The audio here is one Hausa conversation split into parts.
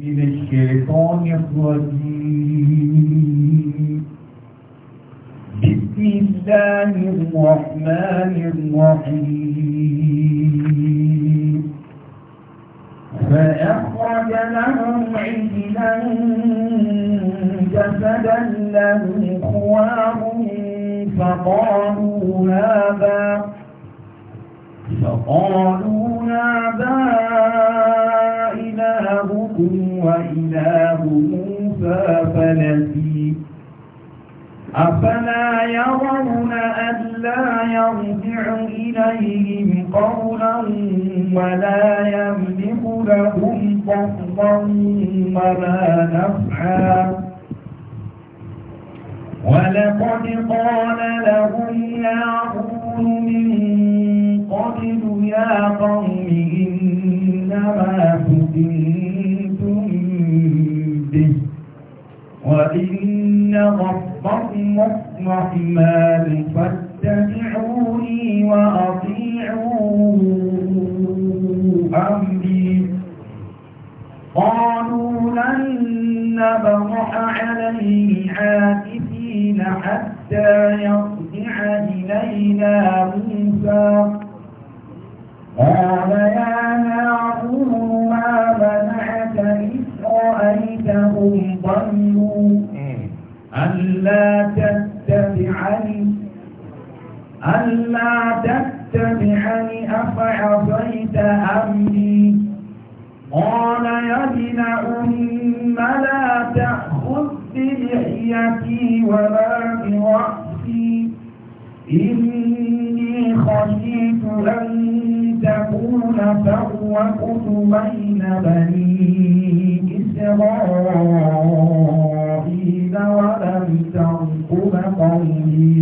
من الشيطان الرجيم بسم الله الرحمن الرحيم فأخرج لهم عجلا جسدا له خوار فقالوا هذا فقالوا هذا إله وإله موسى فنسي أفلا يرون ألا يرجع إليهم قولا ولا يملك لهم قصرا ولا نفعا ولقد قال لهم يعقول من قبل يا قوم ما فتنتم به وإن ربكم الرحمن فاتبعوني وأطيعوا أمري قالوا لن نبرح عليه عاكفين حتى يرجع إلينا موسى قال يا نار ما منعك إذ رأيتهم ضلوا ألا تتبعني ألا تتبعني أفعصيت أمري قال يا ابن أم لا تأخذ بلحيتي ولا برأسي إني خشيت أن تكون فروة بين بني إسرائيل ولم ترقب قولي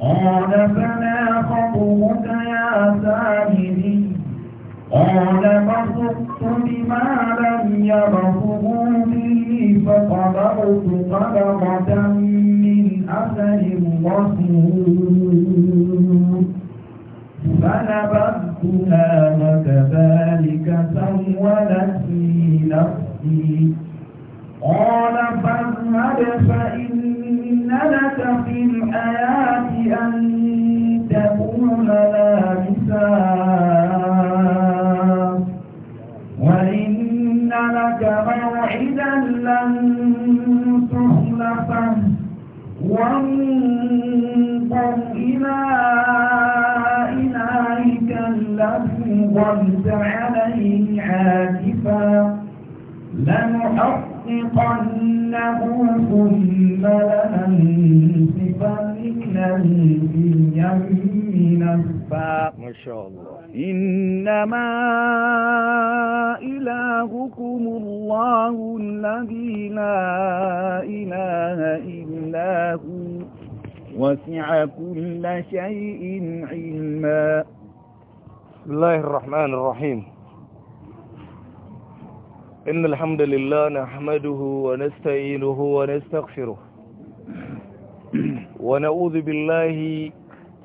قال فما خطبك يا سامري قال بصرت بما لم يبصروا به فقبضت قبضة من أثر الرسول فنبذت ربها وكذلك سولت في نفسي قال فاذهب فإن لك في الحياة أن تكون لا وإن لك موعدا لن تخلفه وانظر إلى إلهي الذي ظلت عليه عاكفا لنحققنه ثم لننسفنه في اليم نسفا ما شاء الله إنما إلهكم الله الذي لا إله إلا هو وسع كل شيء علما بسم الله الرحمن الرحيم إن الحمد لله نحمده ونستعينه ونستغفره ونعوذ بالله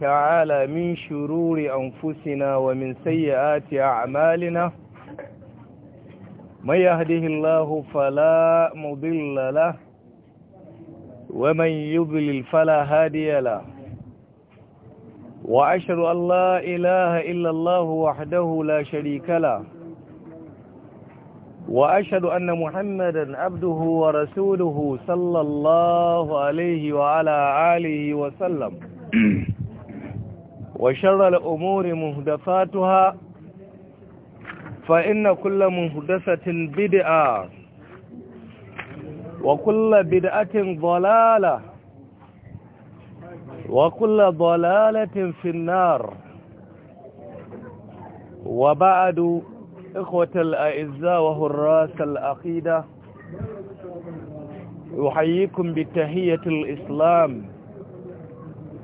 تعالى من شرور أنفسنا ومن سيئات أعمالنا من يهده الله فلا مضل له ومن يضلل فلا هادي له وأشهد أن لا إله إلا الله وحده لا شريك له وأشهد أن محمدا عبده ورسوله صلى الله عليه وعلى آله وسلم وشر الأمور مهدفاتها فإن كل مهدفة بدعة وكل بدعة ضلالة وكل ضلالة في النار وبعد إخوة الأعزاء وهراس الأقيدة أحييكم بتهية الإسلام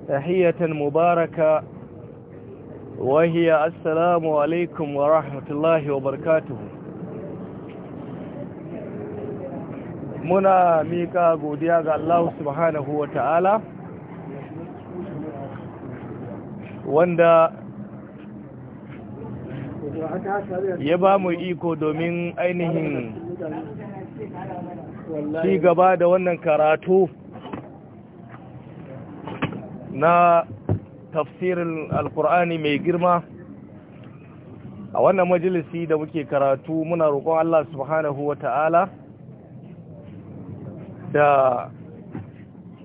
تحية مباركة وهي السلام عليكم ورحمة الله وبركاته منا ميكا قوديا الله سبحانه وتعالى wanda ya ba mu iko domin ainihin ci gaba da wannan karatu na tafsirin alkur'ani mai girma a wannan majalisi da muke karatu muna roƙon Allah subhanahu wa ta'ala da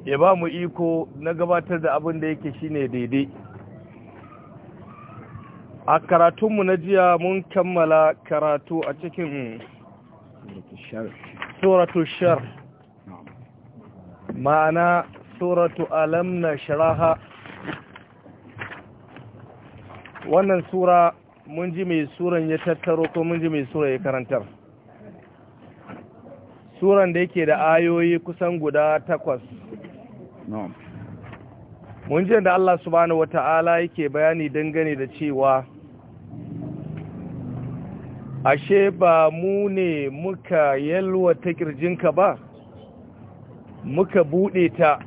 ya ba mu iko na gabatar da abin da yake shine daidai a karatunmu na jiya mun kammala karatu a cikin suratu shar ma'ana suratu alam na sharaha wannan sura mun ji mai suran ya tattaro ko mun ji mai sura ya karantar suran da yake da ayoyi kusan guda takwas mun ji da Allah subhanahu ta'ala yake bayani dangane da cewa ashe ba mu ne muka yalwa yalwata kirjinka ba muka bude ta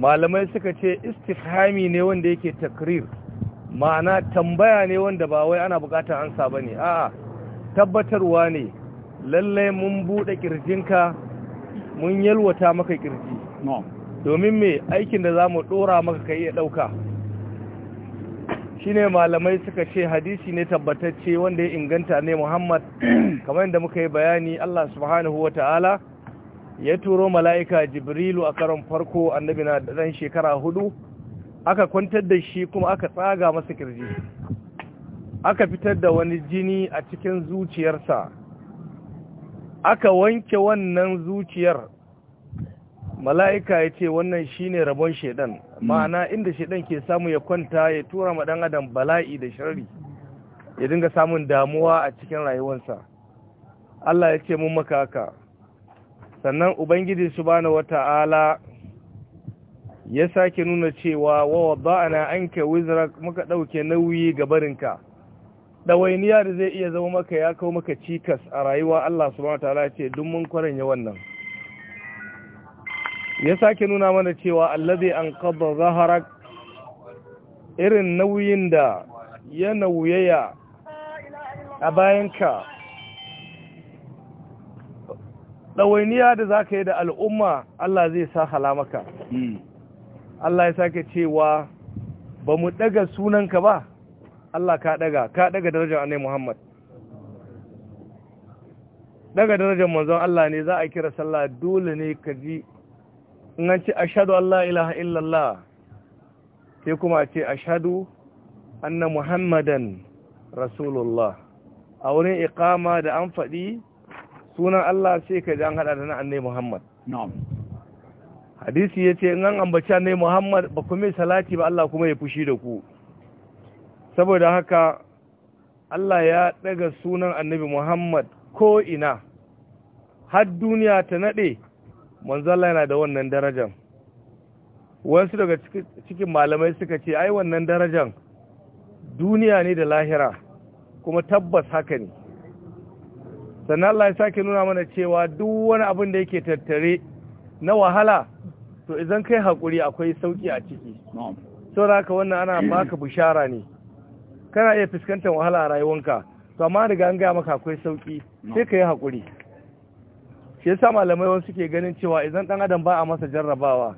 malamai suka ce istihami ne wanda yake takrir ma'ana tambaya ne wanda ba wai ana bukatar ansa bane a'a tabbatarwa ne lallai mun bude kirjinka mun yalwata maka kirji domin mai aikin da zamu dora maka kai ya dauka shine malamai suka ce hadisi ne tabbatacce wanda ya inganta ne Muhammad kamar yadda muka yi bayani Allah subhanahu Ta'ala ya turo mala'ika Jibrilu a karon farko annabi na ɗan shekara hudu aka kwantar da shi kuma aka tsaga masa kirji aka fitar da wani jini a cikin zuciyarsa aka wanke wannan zuciyar mala'ika ya ce wannan shine rabon shaidan, hmm. ma'ana inda shaidan ke samu ya kwanta ya tura ma dan adam bala'i da sharri ya dinga samun damuwa a cikin rayuwarsa Allah ya ce mun maka haka sannan ubangiji subhanahu wata'ala ya sake nuna cewa wa wada'ana anka wizra muka dauke nauyi ga barinka dawainiya da zai iya zama maka ya kawo maka cikas a rayuwa Allah subhanahu wata'ala ya ce duk mun ya wannan ya sake nuna mana cewa allazi an qadda zaharak irin nauyin da ya nauyaya a bayanka ɗawainiya da za ka yi da al'umma Allah zai sa halamaka hmm. Allah ya sake cewa ba mu ɗaga sunanka ba Allah ka ɗaga ka ɗaga darajar annai Muhammad Ɗaga darajar manzon Allah ne za a kira sallah dole ne ka ji in ce ashadu Allah ilaha illallah sai kuma ce ashadu anna muhammadan rasulullah a wurin ikama da an faɗi sunan Allah sai ka ji an haɗa da na annai muhammad hadisi ya ce in an ambaci annai muhammad ba kuma yi salati ba Allah kuma ya fushi da ku saboda haka Allah ya ɗaga sunan annabi muhammad ko ina har duniya ta naɗe manzala yana da wannan darajan wasu daga cikin malamai suka ce ai wannan darajan duniya ne da lahira kuma tabbas haka ne sannan Allah ya sake nuna mana cewa duk wani abin da yake tattare na wahala to idan kai hakuri akwai sauki a ciki saboda haka wannan ana baka bishara ne kana iya fuskantar wahala a rayuwanka to amma daga an gaya maka akwai sauki sai ka yi haƙuri shi yasa malamai wasu suke ganin cewa idan dan adam ba a masa jarrabawa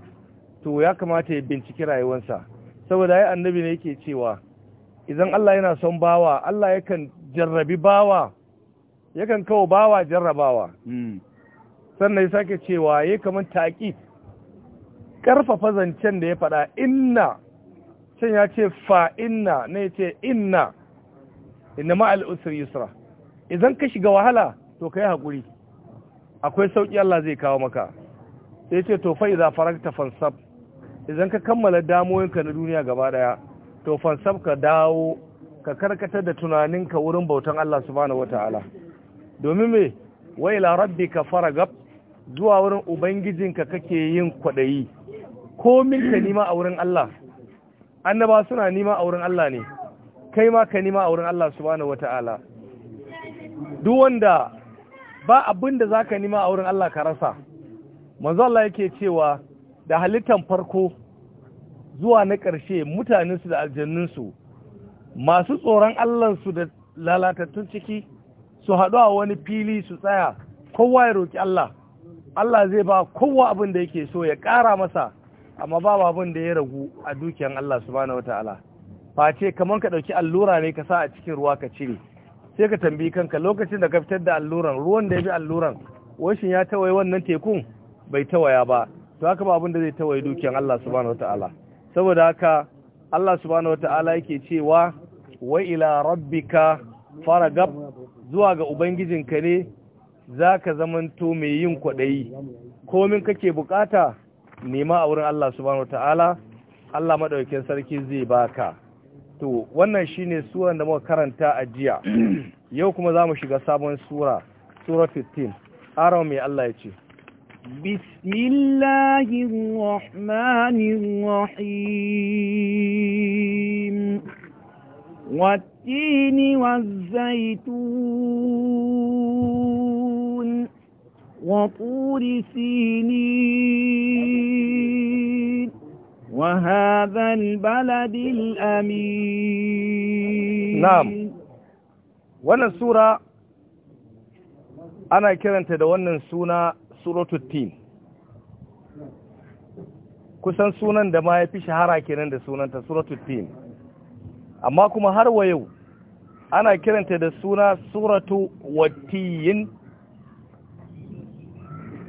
to ya kamata ya binciki rayuwarsa saboda ya annabi ne yake cewa idan Allah yana son bawa Allah yakan jarrabi bawa yakan kawo bawa jarrabawa hmm. sannan ya sake cewa ya kamar taƙi ƙarfafa zancen da ya faɗa inna can ya ce fa'inna na ya ce inna inna ma'al yusra idan ka shiga wahala to ka yi haƙuri akwai sauki Allah zai kawo maka sai ce to fa idza faragta fansab idan ka kammala damoyinka na duniya gaba daya to fansab ka dawo ka karkatar da tunaninka wurin bautan Allah subhanahu wataala domin me wai la rabbika faragab zuwa wurin ubangijinka kake yin kwadayi ko minka nima a wurin Allah annaba suna nima a wurin Allah ne kai ma ka nima a wurin Allah subhanahu wataala duk wanda ba abin da zaka nima a wurin Allah ka rasa manzo Allah yake cewa da halittar farko zuwa na ƙarshe mutanensu da su masu tsoron Allahnsu da lalatattun ciki su haɗu a wani fili su tsaya kowa ya roƙi Allah Allah zai ba kowa abin da yake so ya ƙara masa amma ba abin da ya ragu a dukiyan Allah subhanahu wataala face kamar ka ɗauki allura ne ka sa a cikin ruwa ka cire sai ka tambayi kanka lokacin da ka fitar da alluran ruwan da ya bi alluran washin ya tawaye wannan tekun bai tawaya ba to haka ba abin da zai tawaye dukiyan Allah subhanahu wataala saboda haka Allah subhanahu wataala yake cewa wa ila rabbika faragab zuwa ga ubangijinka ne zaka zamanto mai yin kwadayi komin kake bukata nema a wurin Allah subhanahu wataala Allah madaukakin sarki zai baka to wannan shine suran da muka karanta a jiya yau kuma za mu shiga sabon sura sura 15 aron mai Allah ya ce bismillahirrahmanirrahim watini rahim wa والزيتون وهذا البلد الأمين نعم wannan sura ana kiranta da wannan suna suratul tin kusan sunan da ma ya fi shahara kenan da sunanta suratul tin amma kuma har wa yau ana kiranta da suna suratu wattiyin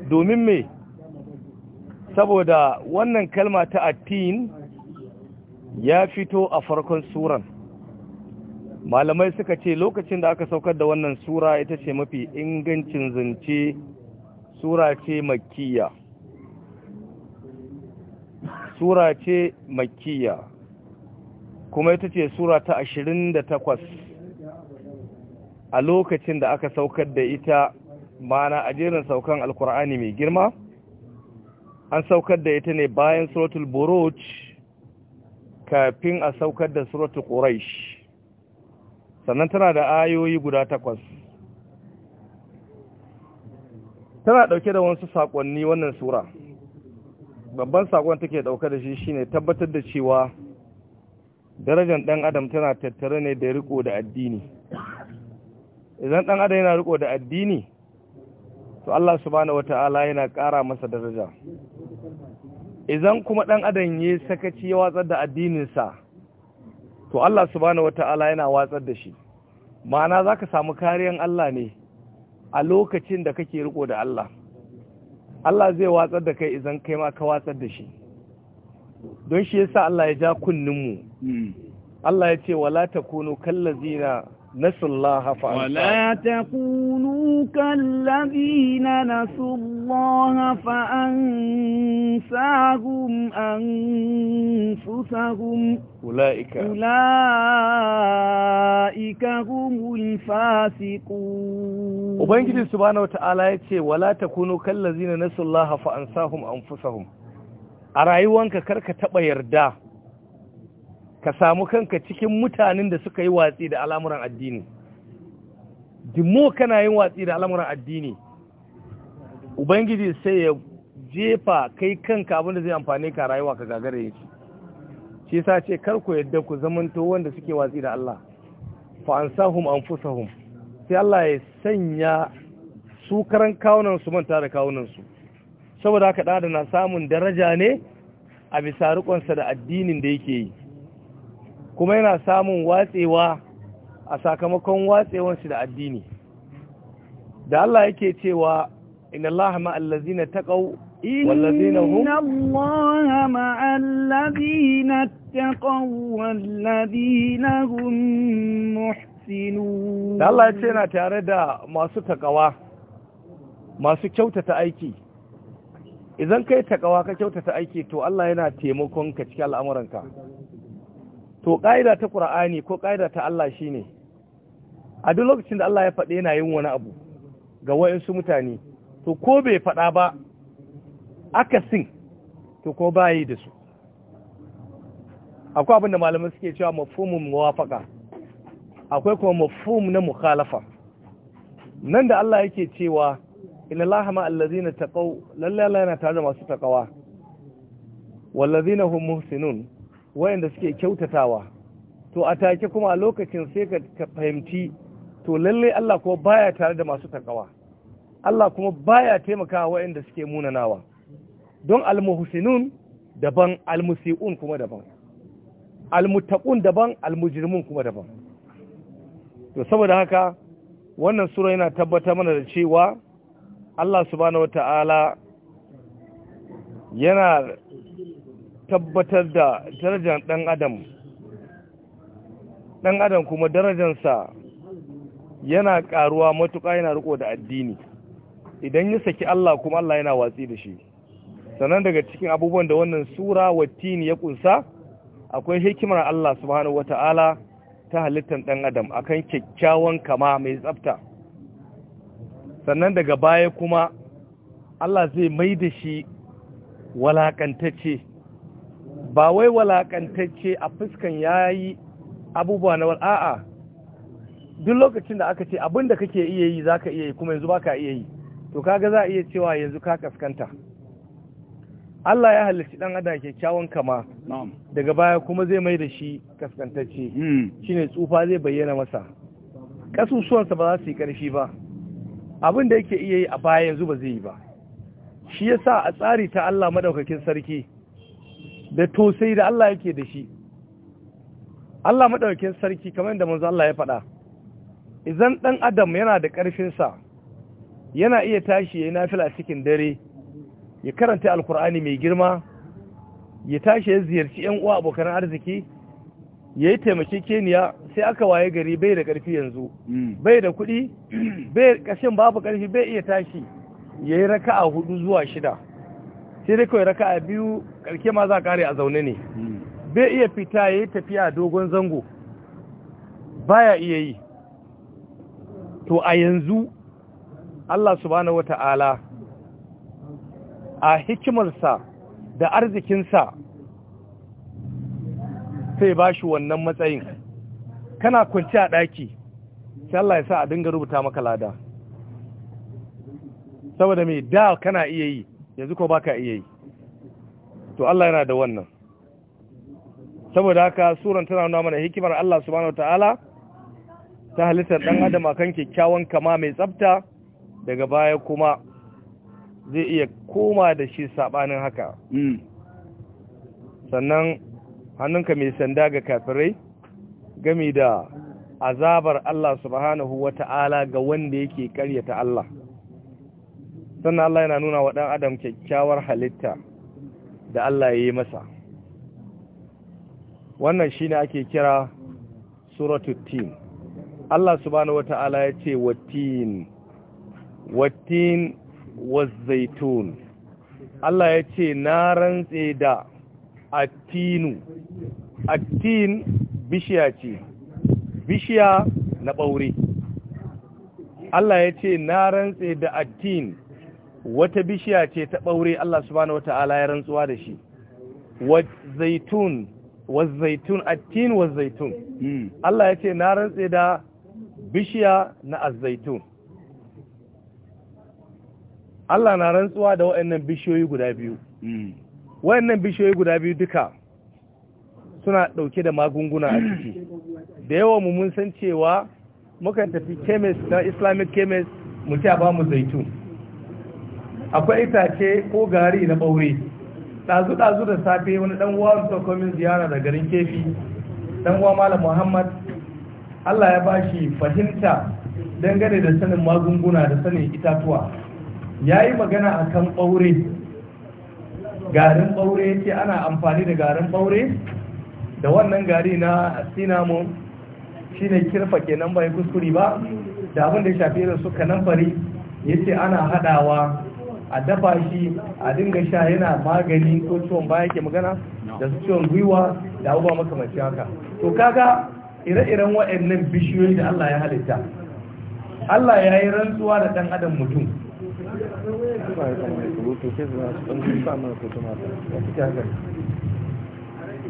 domin me saboda wannan kalma ta attin ya fito a farkon suran malamai suka ce lokacin da aka saukar da wannan sura ita ce mafi ingancin zance sura ce makiya sura ce makiya kuma ita ce sura ta ashirin da takwas a lokacin da aka saukar da ita mana a jerin saukan alkur'ani mai girma an saukar da ita ne bayan suratul buruj kafin a saukar da suratul quraish sannan tana da ayoyi guda takwas tana dauke da wasu sakonni wannan sura babban sakon take dauka da shi shine tabbatar da cewa darajar dan adam tana tattare ne da riko da addini idan dan adam yana riko da addini to Allah subhanahu wataala yana kara masa daraja idan kuma ɗan adam ya sakaci ya watsar da addininsa to Allah subhanahu wata'ala yana watsar da shi ma'ana za ka samu kariyan Allah ne a lokacin da kake riko da Allah Allah zai watsar da kai idan kai ma ka watsar da shi don shi yasa Allah ya ja kunninmu hmm. Allah ya ce wala takunu kallazina نسوا الله فأنساهم ولا تكونوا كالذين نسوا الله فأنساهم أنفسهم أولئك أولئك هم الفاسقون وبنجد سبحانه وتعالى يتشي ولا تكونوا كالذين نسوا الله فأنساهم أنفسهم a rayuwanka karka taɓa yarda ka samu kanka cikin mutanen da suka yi watsi da al'amuran addini dimo kana yin watsi da al'amuran addini ubangiji sai ya jefa kai kanka abinda zai amfani ka rayuwa ka gagara yake shi sa ce kar ku yadda ku zamanto wanda suke watsi da Allah fa ansahum anfusahum sai Allah ya sanya su karan kawunan su manta da kawunan su saboda haka da na samun daraja ne a bisa rikonsa da addinin da yake yi kuma yana samun watsewa a sakamakon watsewansu da addini da Allah yake cewa inna Allah ma'allazina taqaw والذين هم إن الله na الذين Da والذين هم محسنون الله tare da masu ستقوا masu kyautata aiki. idan kai taƙawa ka kyautata aiki to Allah yana taimakon ka cikin al'amuranka to ƙa'ida ta ƙura'ani ko ƙa'ida ta Allah shi ne a duk lokacin da Allah ya faɗi yana yin wani abu ga wa'insu mutane to ko bai faɗa ba aka sin to ko ba yi da su akwai abin da malamai suke cewa mafumin muwafaka akwai kuma mafhum na mukhalafa nan da Allah yake cewa inna Allah ma taƙau lallai Allah yana tare da masu taƙawa wallazi wallazina hum muhsinun wayanda suke kyautatawa to a take kuma a lokacin sai ka fahimci to lalle Allah kuma baya tare da masu takawa Allah kuma baya taimakawa wayanda suke munanawa don almuhsinun daban almusiun kuma daban almuttaqun daban almujrimun kuma daban to saboda haka wannan sura yana tabbatar mana da cewa Allah subhanahu wataala yana tabbatar da darajar ɗan adam ɗan adam kuma darajarsa yana ƙaruwa matuƙa yana riko da addini idan ya saki Allah kuma Allah yana watsi da shi sannan daga cikin abubuwan da wannan sura watini ya kunsa akwai hikimar Allah subhanahu wata'ala ta halittar ɗan adam akan kyakkyawan kama mai tsafta sannan daga baya kuma Allah zai mai da shi walakantacce ba wai walakantacce a fuskan ya yi abubuwa na a'a duk lokacin da aka ce abin da kake iya yi za ka iya yi kuma yanzu ba ka iya yi to kaga za a iya cewa yanzu ka kaskanta Allah ya halarci dan adam kyakkyawan kama daga baya kuma zai mai da shi kaskantacce hmm. shine tsufa zai bayyana masa kasusuwansa ba za su yi karfi ba abin da yake iya yi a baya yanzu ba zai yi ba shi yasa a tsari ta Allah madaukakin sarki da tosai da Allah yake da shi Allah maɗaukin sarki kamar da manzo Allah ya faɗa idan ɗan adam yana da ƙarfinsa yana iya tashi ya yi nafila cikin dare ya karanta alkur'ani mai girma ya tashi ya ziyarci 'yan uwa abokan arziki ya yi keniya sai aka waye gari bai da ƙarfi yanzu hmm. bai da kuɗi bai ƙashin babu ƙarfi bai iya tashi ya yi raka'a hudu zuwa shida sai dai kawai raka'a biyu karke ma za a kare a zaune ne hmm. bai iya fita ya yi tafiya dogon zango baya iya yi to a yanzu Allah subhanahu wata'ala a hikimarsa da arzikinsa sai ba shi wannan matsayin kana kwanci a ɗaki sai Allah ya sa a dinga rubuta maka lada saboda mai da kana iya yi yanzu ko baka iya yi to Allah yana da wannan saboda haka suran tana nuna mana hikimar Allah subhanahu ta'ala ta halittar dan adam akan kyakkyawan kama mai tsafta daga baya kuma zai iya koma da shi sabanin haka mm. sannan hannunka mai sanda ga kafirai gami da azabar Allah subhanahu ta'ala ga wanda yake karyata Allah sannan Allah yana nuna wa ɗan adam kyakkyawar halitta da Allah ya yi masa wannan shi ne ake kira suratul tin Allah subhanahu wata'ala ya ce wattin wattin wazzaitun Allah ya ce na rantse da Atinu. attin bishiya ce bishiya na ɓaure Allah ya ce na rantse da attin wata bishiya ce ta ɓaure Allah subhanahu wata'ala ya rantsuwa da shi zaitun zaitun attin zaitun hmm. Allah ya ce na rantse da bishiya na azzaitun Allah na rantsuwa da waɗannan bishiyoyi guda biyu hmm. waɗannan bishiyoyi guda biyu duka suna ɗauke da magunguna a ciki da yawa mu mun san cewa mukan tafi chemist na islamic chemist mu ce a ba mu zaitun akwai itace ko gari na ɓaure ɗazu-ɗazu da safe wani ɗanwa ta komin ziyara da garin kefi ɗanwa malam muhammad allah ya ba shi fahimta dangane da sanin magunguna da sanin itatuwa ya yi magana a kan ɓaure garin ɓaure ce ana amfani da garin ɓaure da wannan gari na cinnamon shi ne kirfa kenan bai kuskure ba da abin da shafi suka su kanamfari ya ce ana haɗawa a dafa shi a dinga sha yana magani ko ciwon baya ke magana da su ciwon gwiwa da abubuwa makamanci haka to kaga ire-iren wa'annan bishiyoyi da Allah ya halitta Allah ya yi rantsuwa da ɗan adam mutum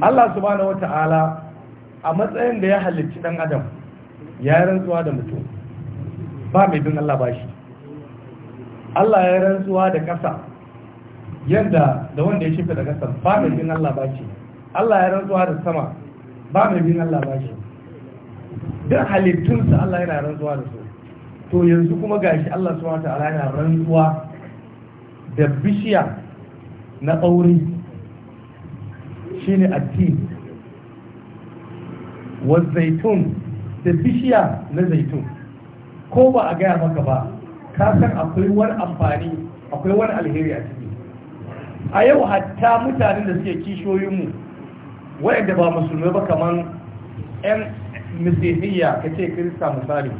Allah subhanahu ta'ala a matsayin da ya halicci ɗan adam ya yi rantsuwa da mutum ba mai bin Allah ba shi Allah ya rantsuwa da ƙasa yadda da wanda ya shifa da ƙasa ba mai bin Allah ba ce Allah ya rantsuwa da sama ba mai bin Allah ba ce duk halittunsa Allah yana rantsuwa da su to yanzu kuma gashi Allah wata ta'ala yana rantsuwa da bishiya na ne a atti wa zaitun da bishiya na zaitun ko ba a gaya maka ba ka san akwai wani amfani akwai wani alheri a ciki a yau hatta mutanen da suke mu, wayanda ba musulmi ba kamar 'yan misihiyya ka ce kirista misali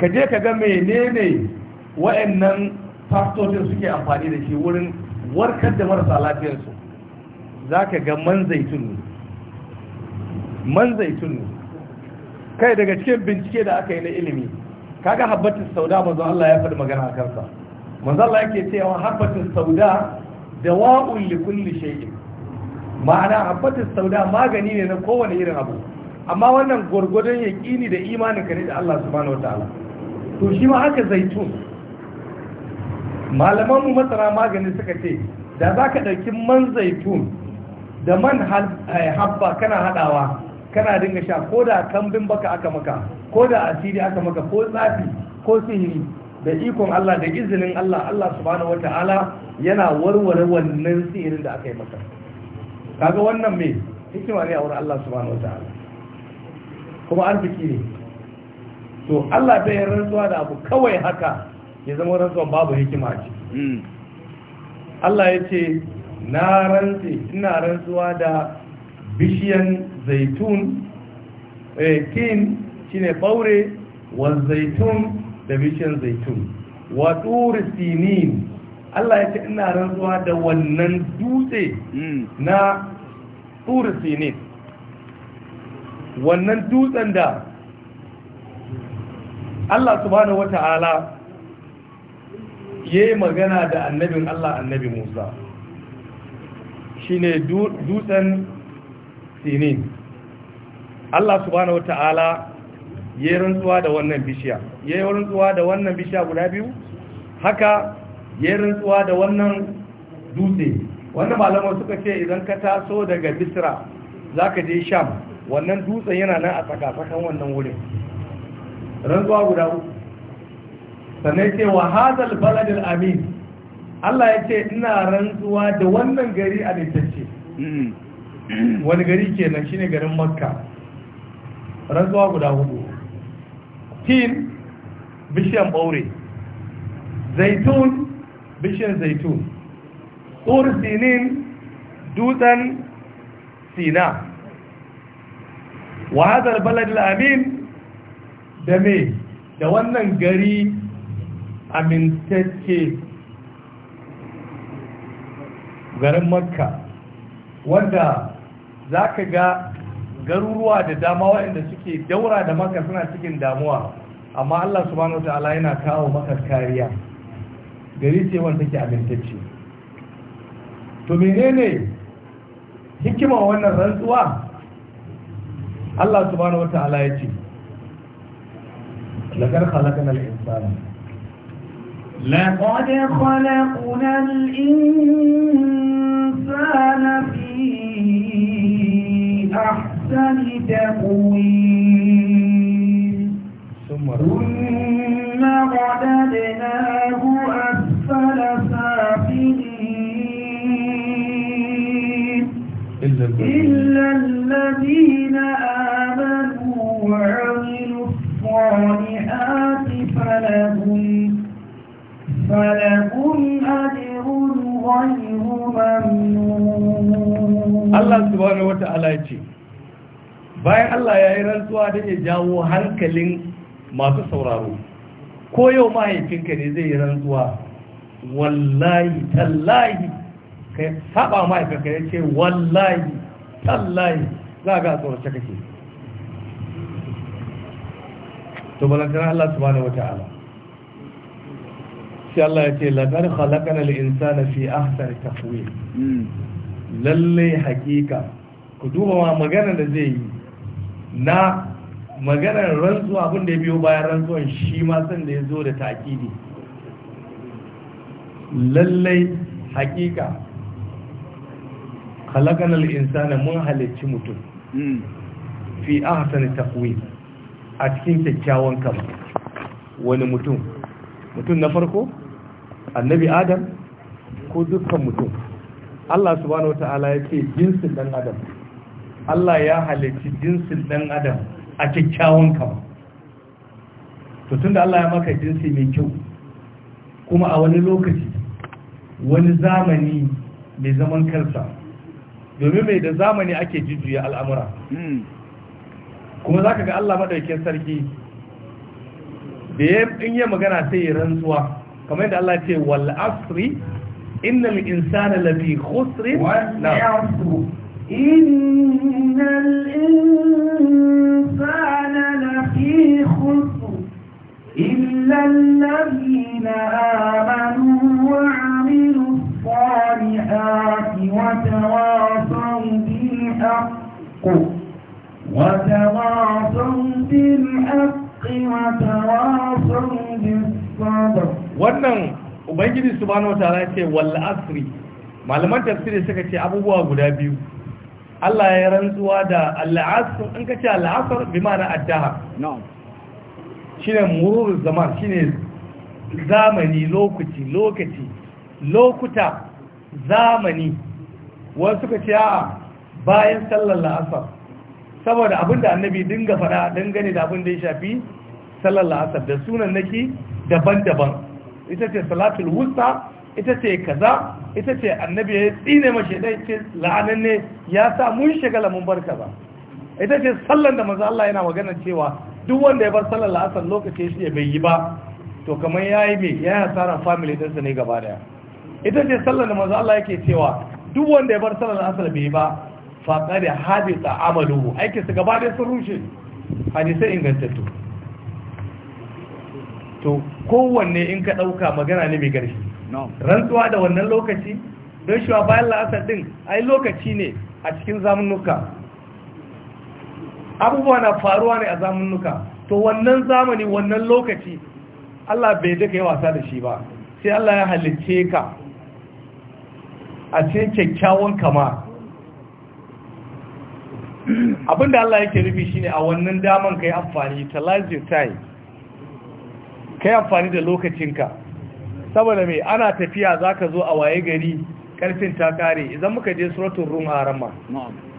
ka je ka ga menene wayannan fastocin suke amfani da shi wurin warkar da marasa lafiyarsu za ka ga man zaitun kai daga cikin bincike da aka yi na ilimi kaga habbatin sauda manzo Allah ya faɗi magana a kansa manzo Allah yake cewa habbatin sauda dawa'un li kulli shay'in ma'ana habbatin sauda magani ne na kowane irin abu amma wannan gwargwadon yaqini da imanin ka ne da Allah subhanahu wataala to shi ma haka zaitun malaman mu masara magani suka ce da zaka dauki man zaitun da man eh, habba kana hadawa kana dinga sha ko da kambin baka aka maka ko da asiri aka maka ko tsafi ko sihiri da ikon Allah da izinin Allah Allah subhanahu wata'ala yana warware wannan sihirin da aka yi maka kaga wannan me hikima ne a wurin Allah subhanahu wata'ala kuma arziki ne to Allah bai rantsuwa da abu kawai haka ya zama rantsuwan babu hikima ce hmm. Allah ya ce na rantsi ina rantsuwa da bishiyan zaitun kin eh, shine baure wa zaitun da bishin zaitun wa turi sinin Allah ya ce ina rantsuwa da wannan dutse hmm. na turi sinin wannan dutsen da Allah subhanahu wata'ala ya yi magana da annabin Allah annabi Musa shine dutsen sinin Allah subhanahu wata'ala ya yi rantsuwa da wannan bishiya ya yi rantsuwa da wannan bishiya guda biyu haka ya yi rantsuwa da wannan dutse wannan malamar suka ce idan ka taso daga bisra za ka je sham wannan dutsen yana nan a tsakatsakan wannan wurin rantsuwa guda uku sannan ce wa hazal baladil amin Allah ya ce ina rantsuwa da wannan gari a littacce mm-hmm. wani gari kenan shine garin makka rantsuwa guda hudu tin bishiyan ɓaure zaitun bishiyan zaitun tsor sinin dutsen sina wa hadar balad amin da me da wannan gari amintacce garin makka wanda za ka ga garuruwa da dama waɗanda suke daura da maka suna cikin damuwa amma Allah subhanahu wata'ala yana kawo maka kariya gari ce wanda take amintacce to menene hikima wannan rantsuwa Allah subhanahu wata'ala ya ce لقد خلقنا الإنسان لقد خلقنا al-insana fi أحسن تقويم ثم رددناه أسفل سافلين إلا الذين آمنوا وعملوا الصالحات فلهم فلهم أجر غير ممنون الله سبحانه وتعالى يجيب bayan Allah ya yi rantsuwa da ya jawo hankalin masu sauraro ko yau mahaifinka ne zai yi rantsuwa wallahi tallahi yi saba mahaifinka ya ce wallahi tallahi za ga a tsorace kake to balantana Allah su bane wata ala. sai Allah ya ce laƙar halakar al'insana fi ahsar tafiye hmm. lalle hakika ku duba ma magana da zai yi na maganar rantsuwa abin da ya biyo bayan rantsuwan shi ma san da ya zo da takidi lallai hakika halakanar insana mun halarci mutum hmm. fi ahsani taqwim a cikin kyakkyawan kama wani mutum mutum na farko annabi adam ko dukkan mutum Allah subhanahu Ta'ala ya ce jinsin dan adam Allah ya halicci jinsin ɗan adam a kyakkyawan kama to tunda Allah ya maka jinsi mai kyau kuma a wani lokaci wani zamani mai zaman kansa domin mai da zamani ake jujjuya al'amura hmm. kuma za ka ga Allah maɗaukin sarki da ya yi magana sai ya rantsuwa kamar yadda Allah ce wal asri innal insana lafi khusri na. wannan ubangiji su bano tare ce wal asri malaman tafsiri suka ce abubuwa guda biyu Allah ya rantsuwa da al'asr in ka ce al'asr bi ma'ana addaha shine murur zaman shine zamani lokaci lokaci lokuta zamani wasu suka ce a bayan sallar la'asar saboda abinda annabi dinga fada dangane da abin da ya shafi sallar la'asar da sunan naki daban-daban ita ce salatul wusta ita ce kaza ita ce annabi ya tsine mashi dai ce la'anan ne ya sa mun shagala mun bar kaza. ita ce sallan da manzo Allah yana magana cewa duk wanda ya bar sallar la'asar lokaci shi bai yi ba to kamar yayi me ya tsara family din sa ne gaba daya ita ce sallan da manzo Allah yake cewa duk wanda ya bar sallar la'asar bai yi ba faqad hadita amaluhu aikin su gaba daya sun rushe hadisai ingantattu to kowanne in ka dauka magana ne mai garshi rantsuwa da wannan lokaci don shi bayan la'asar din ai lokaci ne a cikin zamunuka abubuwa na faruwa ne a zamunuka to wannan zamani wannan lokaci Allah bai duka yi wasa da shi ba sai Allah ya halicce ka a cikin kyakkyawan kama abinda Allah yake rufi shine a wannan daman yi amfani ta lazio time kai amfani da lokacinka saboda mai ana tafiya za ka zo a waye gari ƙarfin ta kare idan muka je suratun rum a rama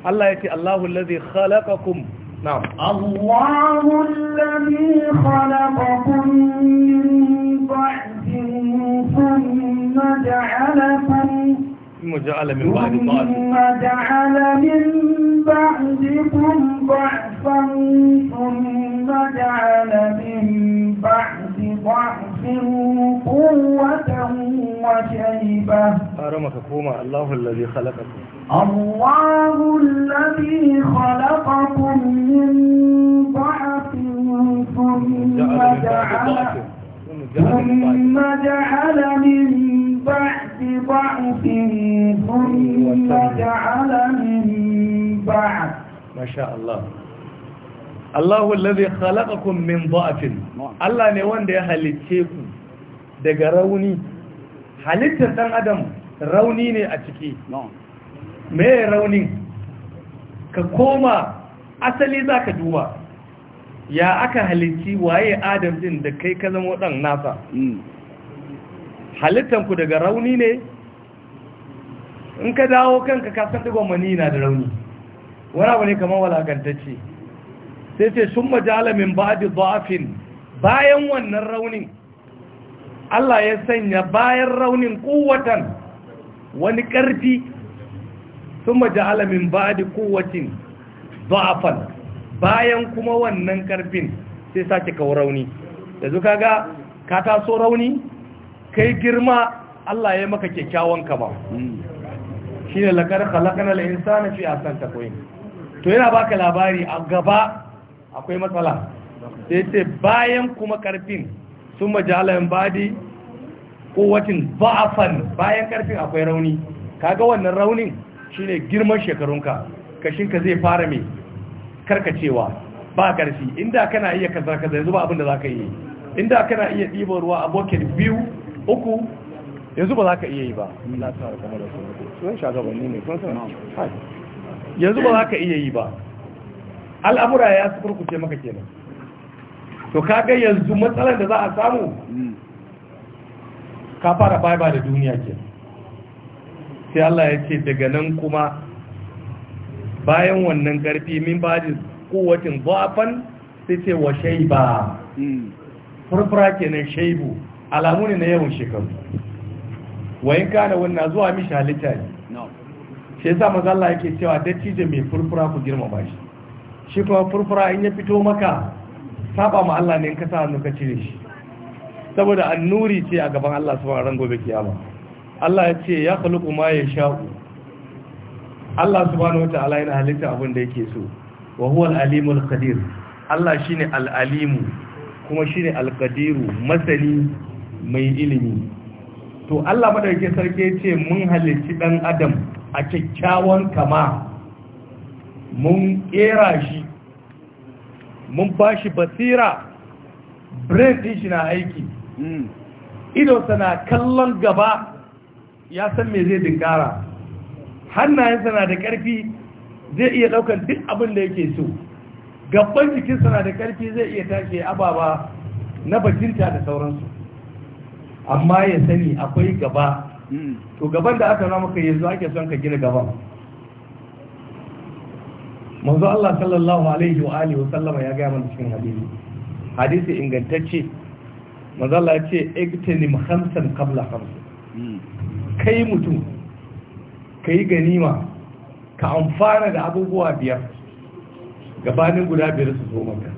Allah ya ce Allahun lazi khalaqakum na'am Allahun lazi khalaqakum مجعل من بعد ثم جعل من بعدكم ضعفا ثم جعل من بعد قوة أرمك كوما الله الذي خلقكم الله الذي خلقكم من ضعف ثم جعل ثم جعل من بعد ضعف ثم جعل من بعد ما شاء الله Allahu allazi khalaqakum min dha'fin Allah ne wanda ya halicce ku daga rauni halittar dan adam rauni ne a ciki me raunin ka koma asali zaka duba ya aka halicci waye adam din da kai ka zama dan nasa halittan daga rauni ne in ka dawo kanka ka san digon mani na da rauni wani abu ne kamar walagantacce sai ce sun majala min ba'di zafin bayan wannan raunin Allah ya sanya bayan raunin kowatan wani ƙarfi sun majala min ba'di kowacin zafin bayan kuma wannan ƙarfin sai sake kawo rauni yanzu kaga ka taso rauni kai girma Allah ya maka kyakkyawan kama ne lakar khalaqana al-insana fi san takwai to yana baka labari a gaba akwai matsala sai ce bayan kuma karfin sun majalayen badi watin ba'afan bayan karfin akwai rauni kaga wannan raunin shine girman shekarunka kashinka zai fara mai karkacewa ba karfi inda kana iya kaza kaza yanzu ba abinda za ka yi inda kana iya ɗibar ruwa a bokin biyu uku yanzu ba za ka iya yi ba yanzu ba za ka iya yi ba al'amura ya su kurkuce maka kenan to kaga yanzu matsalar da za a samu ka fara baiba da duniya ke sai Allah ya ce daga nan kuma bayan wannan karfi min da kowacin zafan sai ce wa shaiba hmm. furfura kenan shaibu alamu ne na yawan shekaru wayin kana wannan zuwa mishi halitta ne shi yasa sa mazalla yake cewa dattijo mai furfura ku girmama shi shi kuma furfura in ya fito maka saba ma Allah ne in ka sa hannu ka cire shi saboda annuri ce a gaban Allah subhanahu ran gobe kiyama Allah ya ce ya khluqu ma yasha'u Allah subhanahu wata'ala yana halitta abin da yake so wa huwa al-alimul qadir Allah shine al-alimu kuma shine al-qadiru masani mai ilimi to Allah madaukakin sarki ya ce mun halicci dan adam a kyakkyawan kama mun kera shi mun ba shi basira brain din shi na aiki hmm. idonsa na kallon gaba ya san me zai dinkara hannayensa na da ƙarfi zai iya ɗaukar duk abin da yake so gabban jikinsa na da ƙarfi zai iya tashi ababa na bakinta da sauransu amma ya sani akwai gaba hmm. to gaban da aka na maka yanzu ake son ka gina gaban manzo Allah sallallahu alaihi wa alihi wa sallama ya gaya mana cikin hadisi hadisi ingantacce manzo Allah ya ce igtanim khamsan qabla khams kai mutum kai ganima ka amfana da abubuwa biyar gabanin guda biyar su zo maka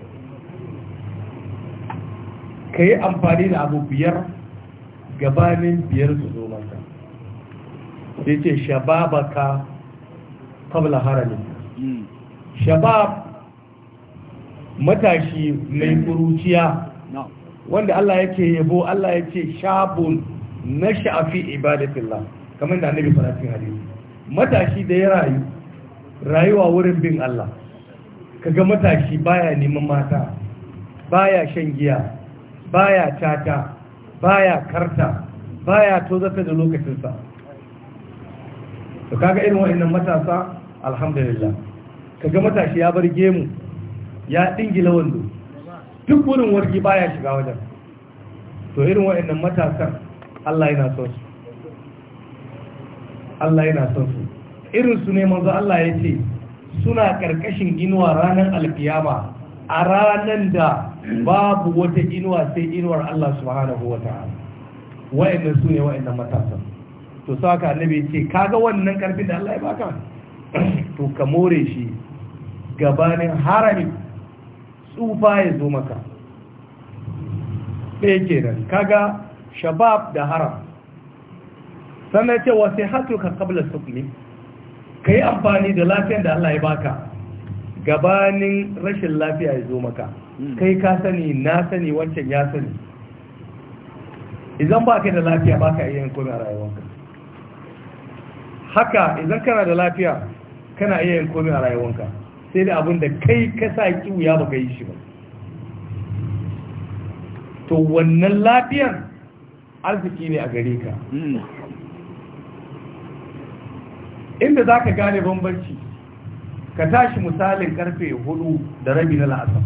ka yi amfani da abu biyar gabanin biyar su zo maka sai ce shababaka kabla haramin hmm. shabab matashi mai kuruciya wanda Allah yake yabo Allah yake shabun na fi ibadatillah kamar da annabi fara hadisi matashi da ya rayu rayuwa wurin bin Allah kaga matashi baya neman mata baya shan giya baya tata baya karta baya tozata da lokacinsa to kaga irin wa'annan matasa alhamdulillah kaga matashi ya bar gemu ya dingila wando duk wurin wargi baya shiga wajen to irin wa'annan matasan Allah yana son su Allah yana son su irin su ne manzo Allah ya ce suna karkashin inuwa ranar alkiyama a ranar da babu wata inuwa sai inuwar Allah subhanahu wata'ala wa'annan su ne wa'annan matasan to saka annabi ya ce kaga wannan karfin da Allah ya baka to ka more shi gabanin harami tsufa ya zo maka ɗaya nan kaga shabab da haram sannan ce wasu hatuka kabla sukli ka yi amfani da lafiyar da Allah ya baka gabanin rashin lafiya ya zo maka hmm. kai ka sani na sani wancan ya sani idan ba ka da lafiya ba ka iya komai a rayuwanka haka idan kana da lafiya kana iya komai a rayuwanka sai da abin da kai ka sa kiwuya ba ka yi shi ba to wannan lafiyar arziki ne a gare ka hmm. inda za ka gane bambanci ka tashi misalin karfe hudu da rabi na la'asar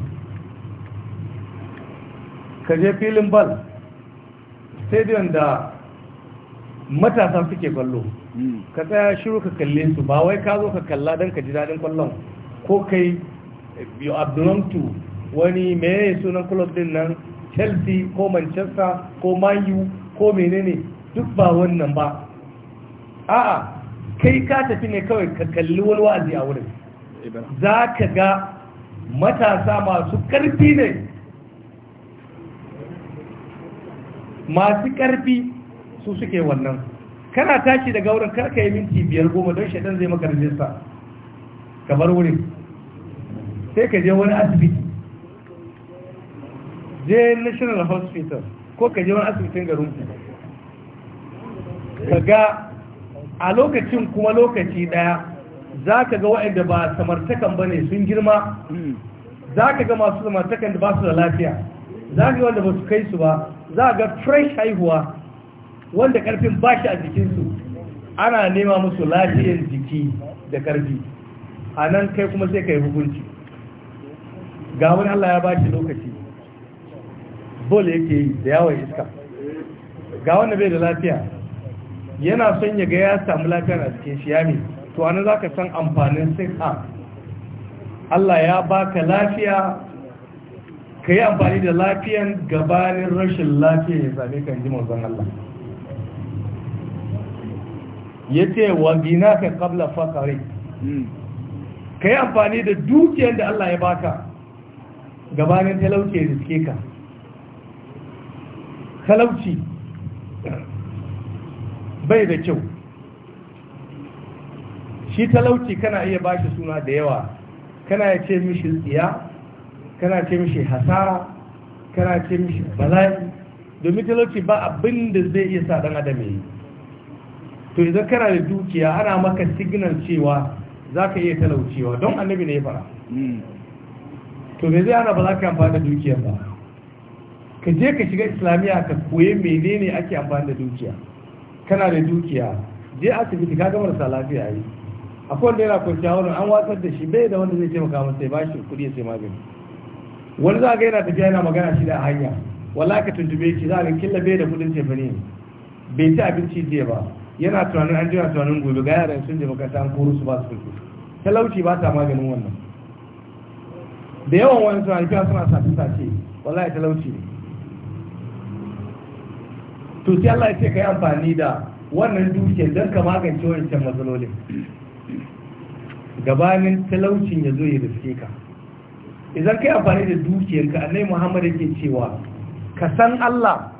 ka je filin bal stadium da matasa suke kwallo hmm. ka tsaya shiru ka kalle su ba wai ka zo ka kalla don ka ji daɗin kwallon ko kai you belong wani meye sunan club din nan chelsea ko manchester ko mayu ko menene duk ba wannan ba a'a kai ka tafi ne kawai ka kalli wani wa'azi a wurin za ka ga matasa masu karfi ne masu karfi su suke wannan kana tashi daga wurin karka yi minti biyar goma don shaɗan zai maka rajista kamar wurin sai ka je wani asibiti je national hospital ko ka je wani asibitin garin ka ga a lokacin kuma lokaci daya za ka ga waɗanda ba samartakan ba ne sun girma za ka ga masu samartakan da ba su da lafiya za ka ga wanda ba su kai su ba za ga fresh haihuwa wanda karfin ba shi a jikinsu ana nema musu lafiyar jiki da karfi a nan kai kuma sai ka yi hukunci ga wani Allah ya baki lokaci bol yake yi da yawon iska ga wanda bai da lafiya yana son ya gaya ya samu lafiya a cikin shi yami to ana za ka san amfanin a Allah ya baka lafiya ka yi amfani da lafiyan gabanin rashin lafiya ya same kan ji mazan Allah ya ce wa gina ka kabla fakari hmm. ka yi amfani da dukiyar da Allah ya baka gabanin talauci ya riske ka talauci bai da kyau shi talauci kana iya bashi suna da yawa kana ya ce mishi tsiya kana ce mishi hasara kana ce mishi bala'i domin talauci ba abin da zai iya sa dan adam yi to idan kana da dukiya ana maka signal cewa za ka iya talaucewa don annabi ne ya fara hmm. to me zai ana ba za ka amfani da dukiyar ba ka je ka shiga islamiyya ka koyi menene ake amfani da dukiya kana da dukiya je asibiti ka gama da lafiya yi akwai wanda yana kwanciya wurin an watsar da shi bai da wanda zai taimaka masa sai ba shi kuɗi ya sai magani wani za ga yana tafiya yana magana shi da hanya wala ka tuntube shi za ka killa bai da kudin tefani bai ci abinci jiya ba yana tunanin an jira tunanin gobe ga yaran sun je makaranta an koro su ba su kuɗi talauci ba ta maganin wannan da yawan wani suna rikiya suna ce, wallahi talauci ne to sai Allah ya ce ka amfani da wannan dukiyar don ka magance wancan matsalolin gabanin talaucin ya zo ya riske ka idan ka amfani da dukiyarka annai muhammad yake cewa ka san Allah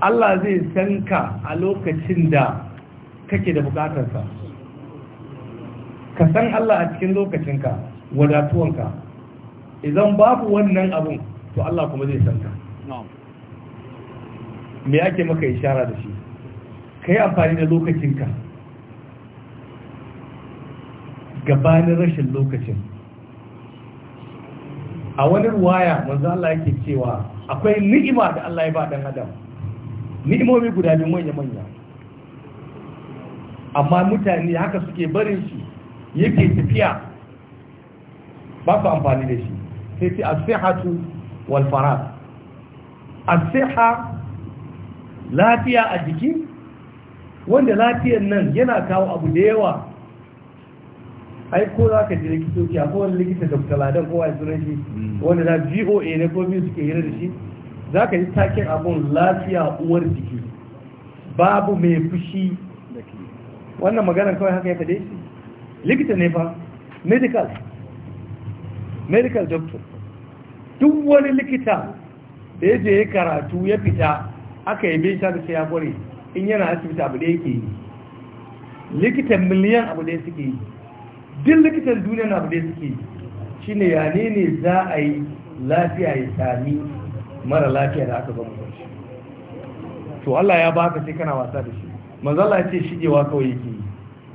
Allah zai san ka a lokacin da kake da bukatarsa ka san Allah a cikin lokacinka wadatuwanka idan babu wannan abun to Allah kuma zai san ka me ake maka ishara da shi ka yi amfani da lokacinka gabanin rashin lokacin a wani ruwaya manzo Allah yake cewa akwai ni'ima da Allah ya ba dan adam ni'imomi guda biyu manya manya amma mutane haka suke barin shi yake tafiya ba su amfani da shi sai ce asihatu wal farad asiha lafiya a jiki wanda lafiyan nan yana kawo abu da yawa ai ko za ka ji likitoci a kowane likita da taladan kowa ya sunan shi hmm. wanda na voa ne ko biyu suke hira da shi za ka yi takin abun lafiya uwar jiki babu mai fushi wannan magana kawai haka ya fade shi likita ne fa medical medical doctor duk wani likita da ya je ya karatu ya fita aka yi bin sha da ya kware in yana asibiti abu da yake yi likitan miliyan abu da suke yi duk likitan na abu da suke yi shi ne yane ne za a yi lafiya ya sami mara lafiya da aka zama kwanci to Allah ya baka sai kana wasa da shi manzala ce shigewa kawai yake yi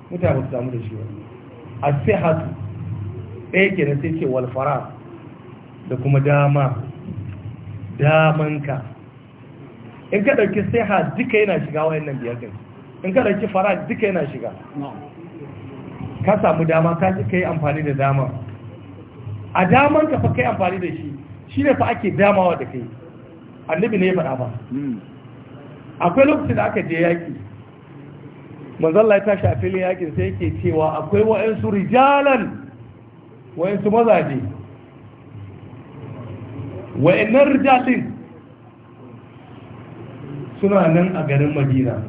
mutane ba su samu da shi ba asihatu ɗaya ke nan sai ce walfara da kuma dama damanka in ka ɗauki siha duka yana shiga wayannan biyar kai in ka ɗauki fara duka yana shiga ka samu dama ka ji ka yi amfani da dama a daman ka fa kai amfani da shi shi ne fa ake damawa da kai annabi ne ya faɗa ba hmm. akwai lokacin da aka je yaƙi manzalla ya tashi a filin yakin sai yake cewa akwai wa'insu rijalan wa'insu mazaje wa'annan rijalin suna nan a garin madina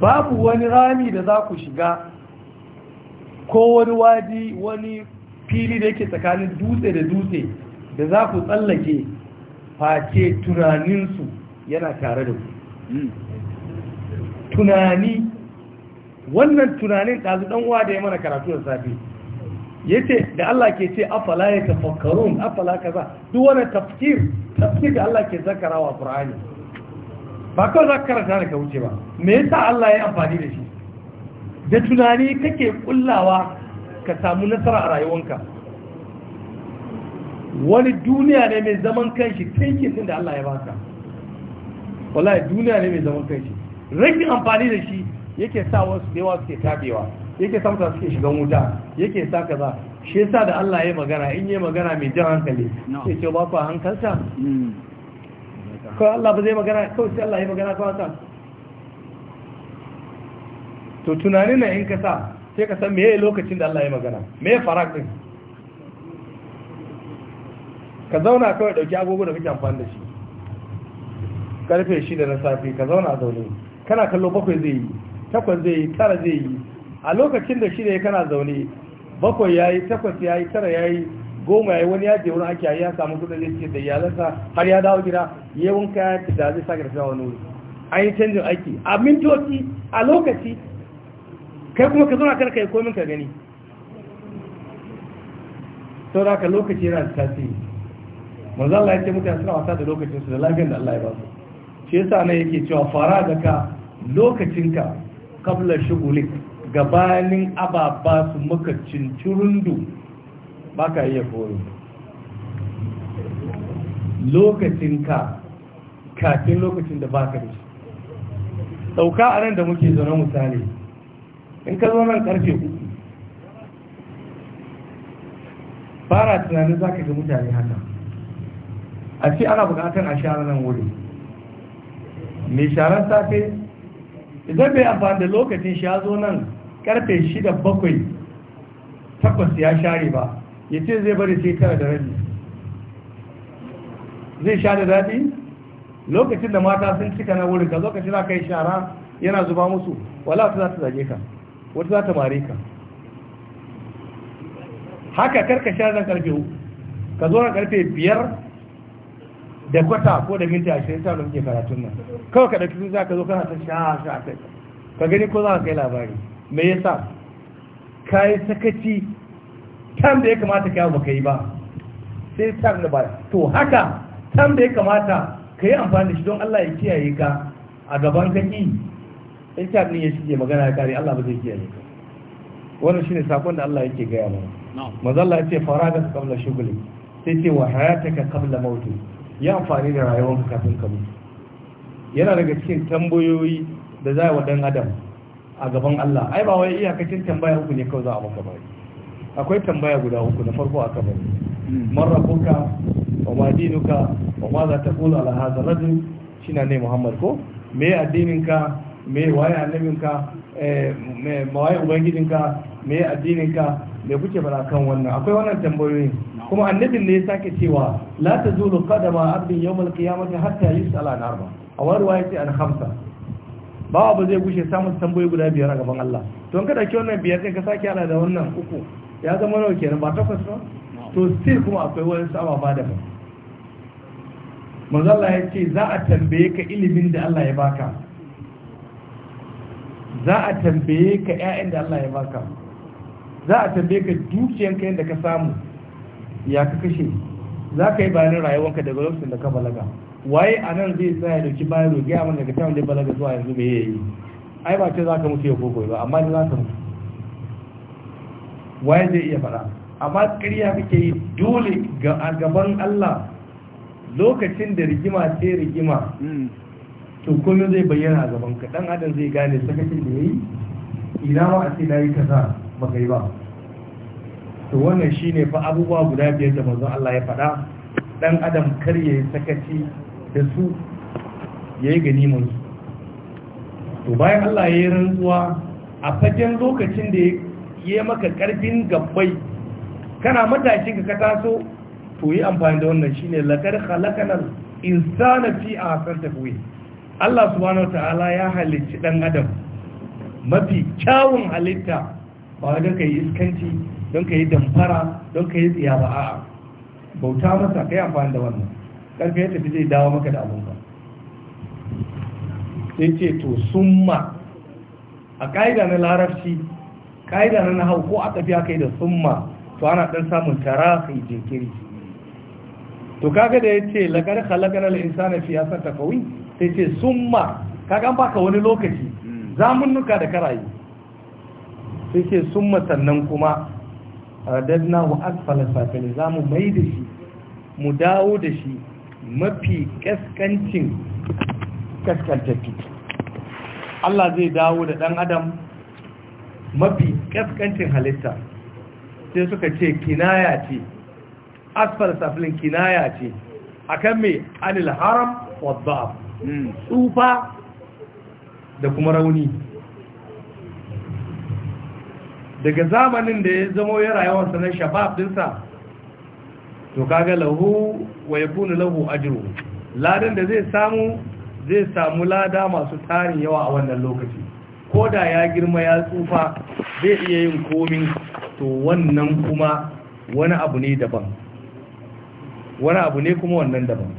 babu wani rami da za ku shiga ko wani waji wani fili da yake tsakanin dutse da dutse da za ku tsallake face tunaninsu yana tare da ku tunani wannan tunanin ɗazu ɗanwa da ya mana karatu da safi ya ce da Allah ke ce afala ya tafakkarun afala kaza duk wani tafkir tafkir da Allah ke zakara wa ƙur'ani ba kawai za ka karanta da ka wuce ba me yasa Allah ya amfani da shi da tunani kake kullawa ka samu nasara a rayuwanka wani duniya ne mai zaman kanshi tinkin din da Allah ya baka wallahi duniya ne mai zaman kanshi rikin amfani da shi yake sa wasu da yawa suke tabewa yake sa mutane suke shigan wuta yake sa kaza shi yasa da Allah ya magana in ya magana mai jan hankali ke ce ba ku hankalta hmm. ko Allah ba zai magana ko sai Allah ya magana ko ta to tunanin na in ka sa sai ka san me yayi lokacin da Allah ya magana ya fara din ka zauna kawai dauki agogo da kake amfani da shi karfe shida na safe ka zauna a zaune kana kallo bakwai zai yi takwas zai yi tara zai yi a lokacin da shida ya kana zaune bakwai ya yi takwas ya yi tara ya yi goma ya yi wani ya je wurin ake ya samu kudin da ke da iyalansa har ya dawo gida ya yi wanka ya ci da zai sake tafiya wani wuri an yi canjin aiki a mintoci a lokaci kai kuma ka zauna ka yi komin ka gani saboda haka lokaci yana da tasiri manzo Allah ya ce mutane suna wasa da lokacinsu da lafiyar da Allah ya ba su shi yasa nan yake cewa fara da ka lokacinka kabla shugulik gabanin ababa su maka turundu ba ka iya koyo lokacinka kafin lokacin da ba ka da shi ɗauka a nan da muke zaune misali in ka zo nan karfe uku fara tunanin za ka ga mutane haka a ce ana bukatar a share nan wuri mai sharar safe idan bai amfani da lokacin shi ya zo nan karfe 6:7 bakwai takwas ya share ba ya ce zai bari sai tara da rabi zai sha da daɗi lokacin da mata sun cika na wurin ka lokacin na kai shara yana zuba musu wala ta za ta zage ka wata za ta mare ka haka karka sha nan karfe ka zo na karfe 5. da kwata ko da minti ashirin ta nuke karatun nan kawai ka ɗauki za ka zo kana ta sha sha kai ka gani ko za ka kai labari me yasa ka yi sakaci tam da ya kamata ka yi ba ka yi ba sai tam da ba to haka tam da ya kamata ka yi amfani da shi don Allah ya kiyaye ka a gaban kaki in tam ne ya shige magana ya kare Allah ba zai kiyaye ka wannan shine sakon da Allah yake gaya mana manzo Allah ya ce faraga kamla shughli sai ce wa hayataka kamla mautu. yi amfani da rayuwar kafin ka mutu yana daga cikin tambayoyi da za wa dan adam a gaban Allah ai ba wai iyakacin tambaya uku ne kawai za a maka ba akwai tambaya guda uku na farko a kabari hmm. man rabbuka wa ma dinuka wa ma za kula ala hada rajul shine ne Muhammad ko me addininka me waye annabinka eh, me waye ubangijinka me addininka me kuke fara kan wannan akwai wannan tambayoyin kuma annabin ne ya sake cewa la tazulu qadama abdin yawmal qiyamati hatta yus'ala an arba a wani ruwaya ce an hamsa ba ba zai gushe samun tambayoyi guda biyar a gaban Allah to in ka dauki wannan biyar sai ka sake hada da wannan uku ya zama nawa kenan ba takwas ba to sir kuma akwai wani sama ba da ba manzo Allah ya ce za a tambaye ka ilimin da Allah ya baka za a tambaye ka ƴaƴan da Allah ya baka za a tambaye ka dukiyanka yadda ka samu ya ka kashe za ka yi bayanin rayuwanka daga lokacin da ka balaga waye a nan zai tsaya dauki bayan roƙi a mana daga tamun da balaga zuwa yanzu me yayi yi ai ba ce za ka mutu ya koko ba amma ni za ka mutu waye zai iya fara amma ƙarya kake yi dole ga gaban Allah lokacin da rigima ce rigima hmm. to komai zai bayyana a gaban ka dan adam zai gane sakacin da yayi ina ma a ce nayi kaza ka yi ba to wannan shine fa abubuwa guda biyar da manzon Allah ya faɗa dan adam kar yayi sakaci da su yayi ganiman su to bayan Allah ya yi rantsuwa a fagen lokacin da ya maka karfin gabbai kana matashin ka ka taso to yi amfani da wannan shine lakar khalaqana insana fi ahsan takwin Allah subhanahu wataala ya halicci dan adam mafi kyawun halitta ba wajen kai iskanci don ka yi damfara don ka yi tsiya ba a'a bauta masa ka yi amfani da wannan karfe ya tafi zai dawo maka da abun ba sai ce to summa a ƙa'ida na larabci ƙa'ida na nahau ko a tafiya kai da summa to ana ɗan samun tara kai jinkiri to kaga da ya ce halagar al'insa na fiyasar ta kawai sai ce summa kaga an baka wani lokaci hmm. zamunnuka da karayi sai ce summa sannan kuma radadna wa asfala safili zamu mai da shi mu dawo da shi mafi kaskancin kaskantaki Allah zai dawo da ɗan adam mafi kaskancin halitta sai suka ce kinaya ce asfal safilin kinaya ce akan mai anil haram dha'f hmm. tsufa da kuma rauni daga zamanin da ya zamo ya rayuwarsa na shabab dinsa to kaga lahu wa ya yakunu lahu ajiru ladan da zai samu zai samu lada masu tarin yawa a wannan lokaci ko da ya girma ya tsufa zai iya yin komi to wannan kuma wani abu ne daban wani abu ne kuma wannan daban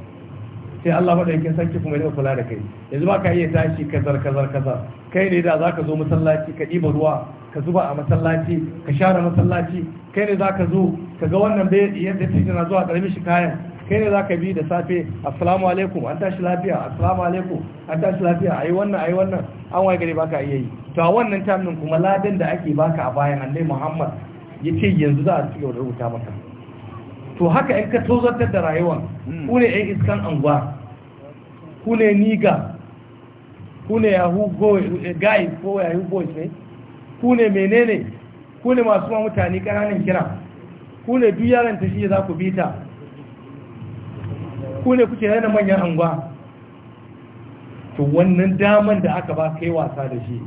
sai Allah madaukakin sarki kuma zai kula da kai yanzu ba ka iya tashi kazar kazar kazar kai ne da za ka zo masallaci ka ɗiba ruwa ka zuba a masallaci ka share masallaci kai ne za ka zo ka ga wannan bai yadda ta na zuwa ƙarfi shi kayan kai ne za ka bi da safe assalamu alaikum an tashi lafiya assalamu alaikum an tashi lafiya ayi wannan ayi wannan an waye gari baka iya yi to a wannan tamin kuma ladan da ake baka a bayan annabi Muhammad ya ce yanzu za a ci gaba da rubuta maka to haka in ka tozartar da rayuwa ku ne ɗan iskan anguwa ku ne niga ku ne yahoo eh, guys ko yahoo boys ne ku ne menene ku ne masu ma mutane ƙananan kira ku ne duk yaran ta shi za ku bi ta ku ne kuke yana manyan angwa to wannan daman da aka ba kai wasa da shi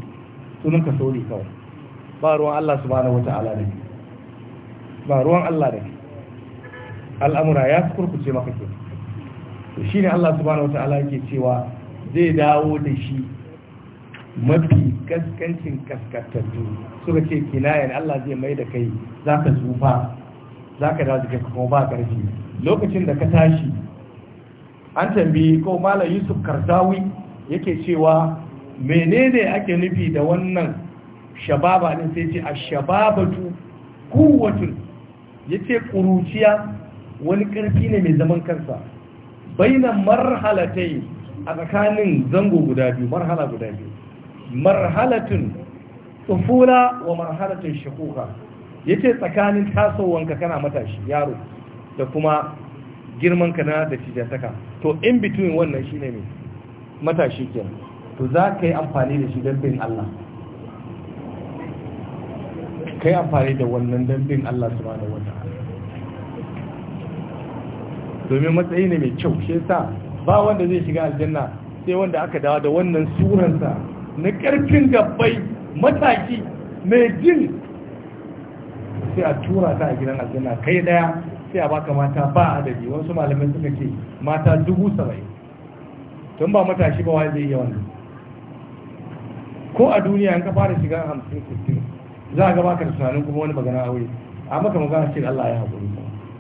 sunan ka sauri kawai ba ruwan Allah subhanahu wata'ala da ba ruwan Allah da al'amura ya kurkuce maka ke to ne Allah subhanahu wata'ala yake cewa zai dawo da shi mafi kaskancin kaskantattu suka ce kinayen Allah zai mai da kai za ka tsufa za ka dawo jikin kuma ba ƙarfi lokacin da ka tashi an tambayi ko malam yusuf karzawi yake cewa menene ake nufi da wannan shababa ne sai ce a shababatu kuwatun ya ce ƙuruciya wani ƙarfi ne mai zaman kansa bainan marhalatai a tsakanin zango guda biyu marhala guda biyu marhalatun tsufula wa marhalatun shakuka ce tsakanin tasowanka kana matashi yaro da kuma girman ka na da saka. to in between wannan shi ne matashi ke to za ka yi amfani da shi dambin Allah ka yi amfani da wannan dambin Allah su da wata domin matsayi ne mai kyau shi sa ba wanda zai shiga aljanna sai wanda aka dawa da wannan suransa na ƙarfin gabbai mataki mai jin sai a tura ta a gidan aljanna kai daya sai a baka mata ba adadi wasu malamai suka ce mata dubu saba'in tun ba matashi ba wani zai yi wannan ko a duniya in ka fara shiga hamsin kusur za a gaba ka da tunanin kuma wani magana aure a maka magana ce Allah ya haƙuri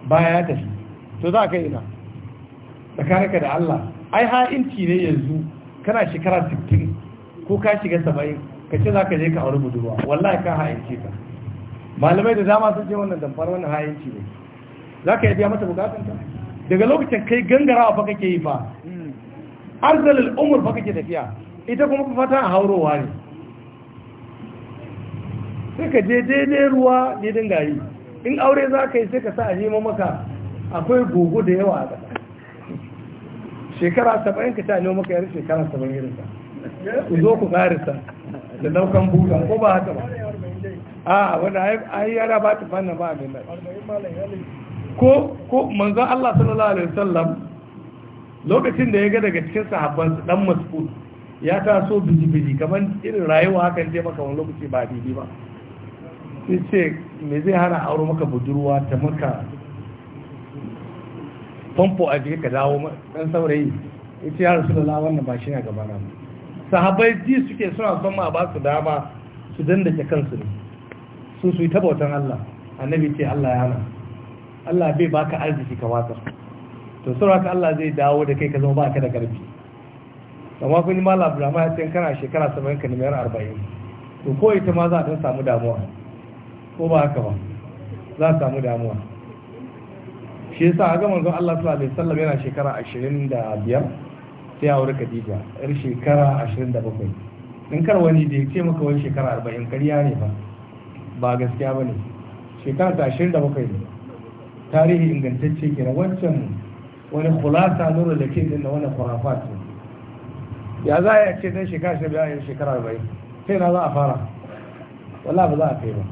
baya ya tafi to za a kai ina tsakaninka da Allah ai ha'inci ne yanzu kana shekara sittin ko ka shiga saba'in ka ce za ka je ka auri budurwa wallahi ka ha'ince ka malamai da dama sun ce wannan damfar wannan hayanci ne za ka yi biya mata bukatun ta daga lokacin kai gangarawa fa kake yi fa arzalil Umar fa kake tafiya ita kuma fata a haurowa ne sai ka je daidai ruwa ne dinga yi in aure za ka yi sai ka sa a nemo maka akwai gogo da yawa a ƙasa shekara saba'in ka ta nemo maka yar shekara saba'in ka. ku zo ku karisa da daukan buga ko ba haka ba a wanda ai yara ba ta fanna ba abin nan ko ko manzon Allah sallallahu alaihi wasallam lokacin da ya ga daga cikin sahabban dan mas'ud ya taso biji-biji kamar irin rayuwa hakan je maka wani lokaci ba daidai ba sai ce me zai hana auro maka budurwa ta maka famfo a jika ka dawo ɗan saurayi ita ya rasu da lawan na ba shi na gabana ba sahabai ji suke suna son ma ba su dama su ke kansu ne su su yi ta bautan Allah annabi ce Allah ya hana Allah bai baka arziki ka watsar to sura ka Allah zai dawo da kai ka zama baka da karfi amma kun yi mala abdulhamma ya ce kana shekara 70 ka nemiyar arba'in to ko ita ma za a samu damuwa ko ba haka ba za ta samu damuwa shi yasa a ga manzon Allah sallallahu alaihi wasallam yana shekara ashirin da biyar sai aure Khadija yar shekara 27 in kar wani da ya ce maka wani shekara 40 kariya ne ba ba gaskiya bane shekara ta 27 ne tarihi ingantacce kenan wancan wani khulasa nuru da ke din wani khurafat ya za a ce dan shekara 25 shekara 40 sai na za a fara wallahi ba za a kai ba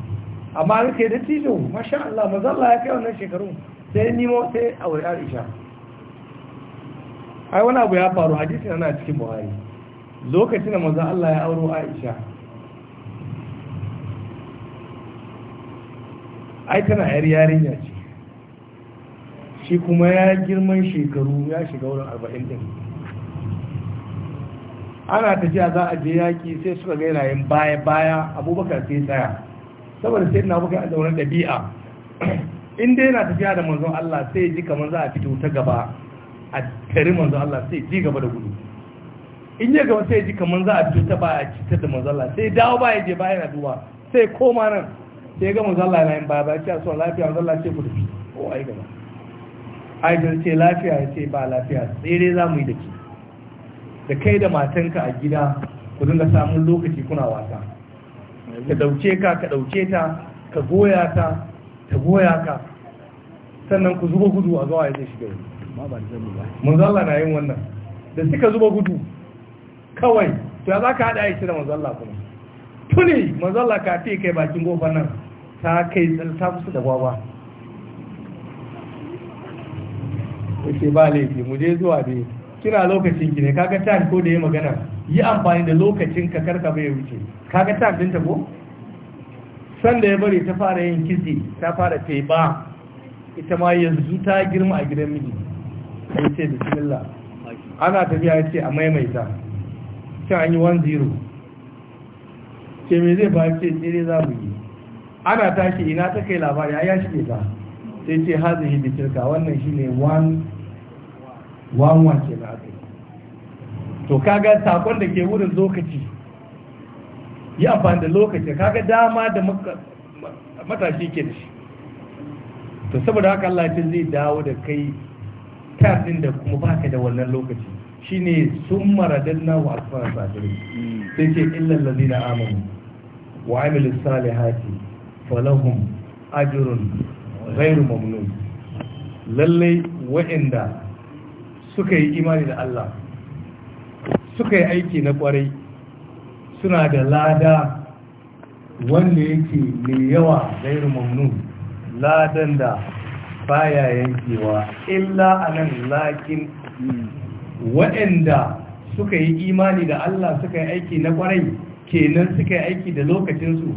amma an kai da tijo masha Allah mazalla ya kai wannan shekaru sai nimo sai aure Aisha ai wani abu ya faru hadisi na cikin buhari lokacin da maza Allah ya auro Aisha ai tana yar yarinya ce shi kuma ya girman shekaru ya shiga wurin arba'in din ana tafiya za a je yaƙi sai suka ga yanayin baya-baya abubakar sai tsaya saboda sai na bukai da wani ɗabi'a in dai yana tafiya da manzon Allah sai ji kamar za a fito ta gaba a tare manzo Allah sai ji gaba da gudu in ya gaba sai ji kaman za a cuta ba a cutar da manzo Allah sai dawo ba ya je bayan yana duba sai koma nan sai ga manzo Allah yana yin ba ba ce son lafiya manzo Allah ce ku tafi ko ai gaba ai da ce lafiya ya ce ba lafiya dai za mu yi da ke da kai da matanka a gida ku dinga samun lokaci kuna wasa ka dauce ka ka dauce ta ka goya ta ta goya ka sannan ku zuba gudu a zuwa ya zai shiga yi manzo Allah na yin wannan da suka zuba gudu kawai to ya zaka hada aiki da manzo Allah kuma tuni manzo Allah ka fi kai bakin gofar nan ta kai ta kusa da gwagwa yake ba laifi mu je zuwa dai kina lokacin ki ne kaga time ko da ya magana yi amfani da lokacin ka karka bai wuce kaga time din ta ko san da ya bari ta fara yin kizi ta fara teba ita ma yanzu ta girma a gidan miji ya ce bismillah ana tafiya ya ce a maimaita ce an yi 1-0 ce mai zai ba ce tsere za mu yi ana tashi ina ta kai labari ya shige ta sai ce hazin hindi bitirka wannan shi ne 1-1 ke na aka to kaga sakon da ke wurin lokaci ya amfani da lokaci kaga dama da matashi ke da shi to saboda haka Allah ce zai dawo da kai term din da kuma ba baka da wannan lokaci shine sun maradin na wa asfara sabirin sai ce illan lalina amanu wa amilu salihati falahum ajirun ghairu mamnun lallai wa'inda suka yi imani da Allah suka yi aiki na kwarai suna da lada wanda yake mai yawa ghairu mamnun ladan da baya yankewa illa anan lakin waɗanda suka yi imani da Allah suka yi aiki na kwarai kenan suka yi aiki da lokacinsu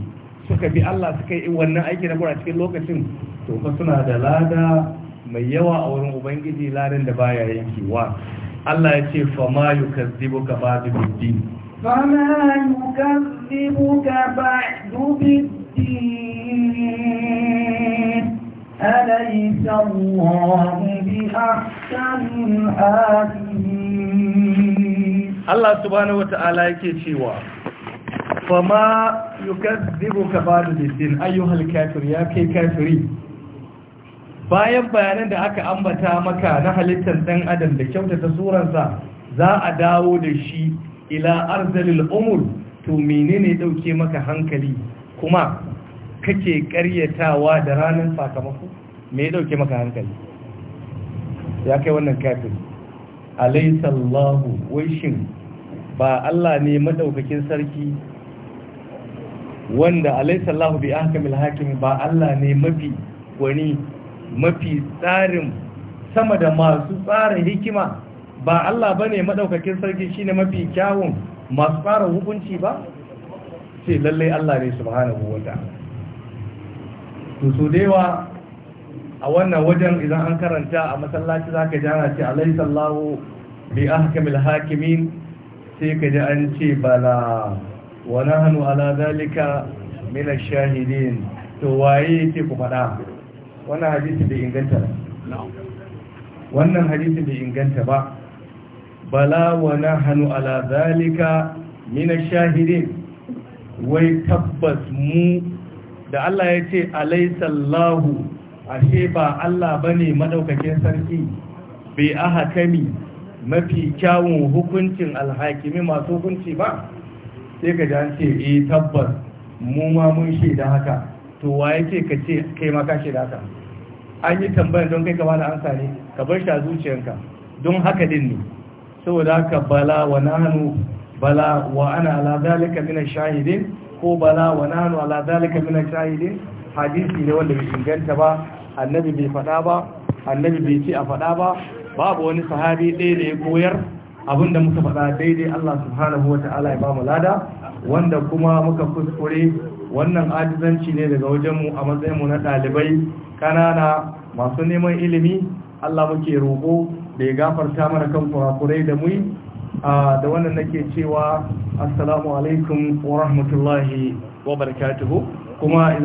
suka bi Allah suka yi wannan aiki na kwarai cikin lokacin to fa suna da lada mai yawa a wurin ubangiji ladan da baya yankewa Allah ya ce fa ma yukazzibuka ba'du bid-din fa ma yukazzibuka ba'du bid-din أليس الله بأحسن الحاكمين الله سبحانه وتعالى يكيشيوا فما يكذبك بعد الدين أيها الكافر يا كي كافري bayan bayanan da aka ambata maka na halittar dan adam da kyautata suransa za a dawo da shi ila arzalil umur to menene dauke maka hankali kuma kake karyatawa da ranar sakamako me ya dauke maka hankali ya kai wannan kafin alaisallahu shin ba Allah ne madaukakin sarki wanda alaisallahu bi ahkamil hakim ba Allah ne mafi wani mafi tsarin sama da masu tsarin hikima ba Allah ba ne madaukakin sarki shine mafi kyawun masu tsarin hukunci ba sai lallai Allah ne subhanahu wa ta'ala to so a wannan wajen idan an karanta a masallaci za ka ji ana ce alaisallahu bi ahkamil hakimin sai ka ji an ce bala wa nahnu ala zalika min ash-shahidin to waye yake ku faɗa wannan hadisi bai inganta ba wannan hadisi bai inganta ba bala wa nahnu ala zalika min ash-shahidin wai tabbas mu da Allah ya ce alaisallahu ashe ba Allah bane madaukakin sarki bai ahakami mafi kyawun hukuncin alhakimi masu hukunci ba sai ka jan ce eh tabbas mu ma mun shaida haka to wa yake ka ce kai ma ka shaida haka an yi tambayar don kai ka bada amsa ne ka bar shi a zuciyarka don haka din ne saboda haka bala wa nahnu bala wa ana ala zalika min ash-shahidin ko bala wa nanu ala zalika min shahidin hadisi ne wanda bai inganta ba annabi bai faɗa ba annabi bai ci a faɗa ba babu wani sahabi ɗaya da ya koyar abinda muka faɗa daidai Allah subhanahu wata'ala ya ba mu lada wanda kuma muka kuskure wannan ajizanci ne daga wajen mu a matsayin mu na ɗalibai kanana masu neman ilimi Allah muke roƙo da ya gafarta mana kan kurakurai da mu Ah, da wannan nake cewa assalamu alaikum wa rahmatullahi wa barakatuhu kuma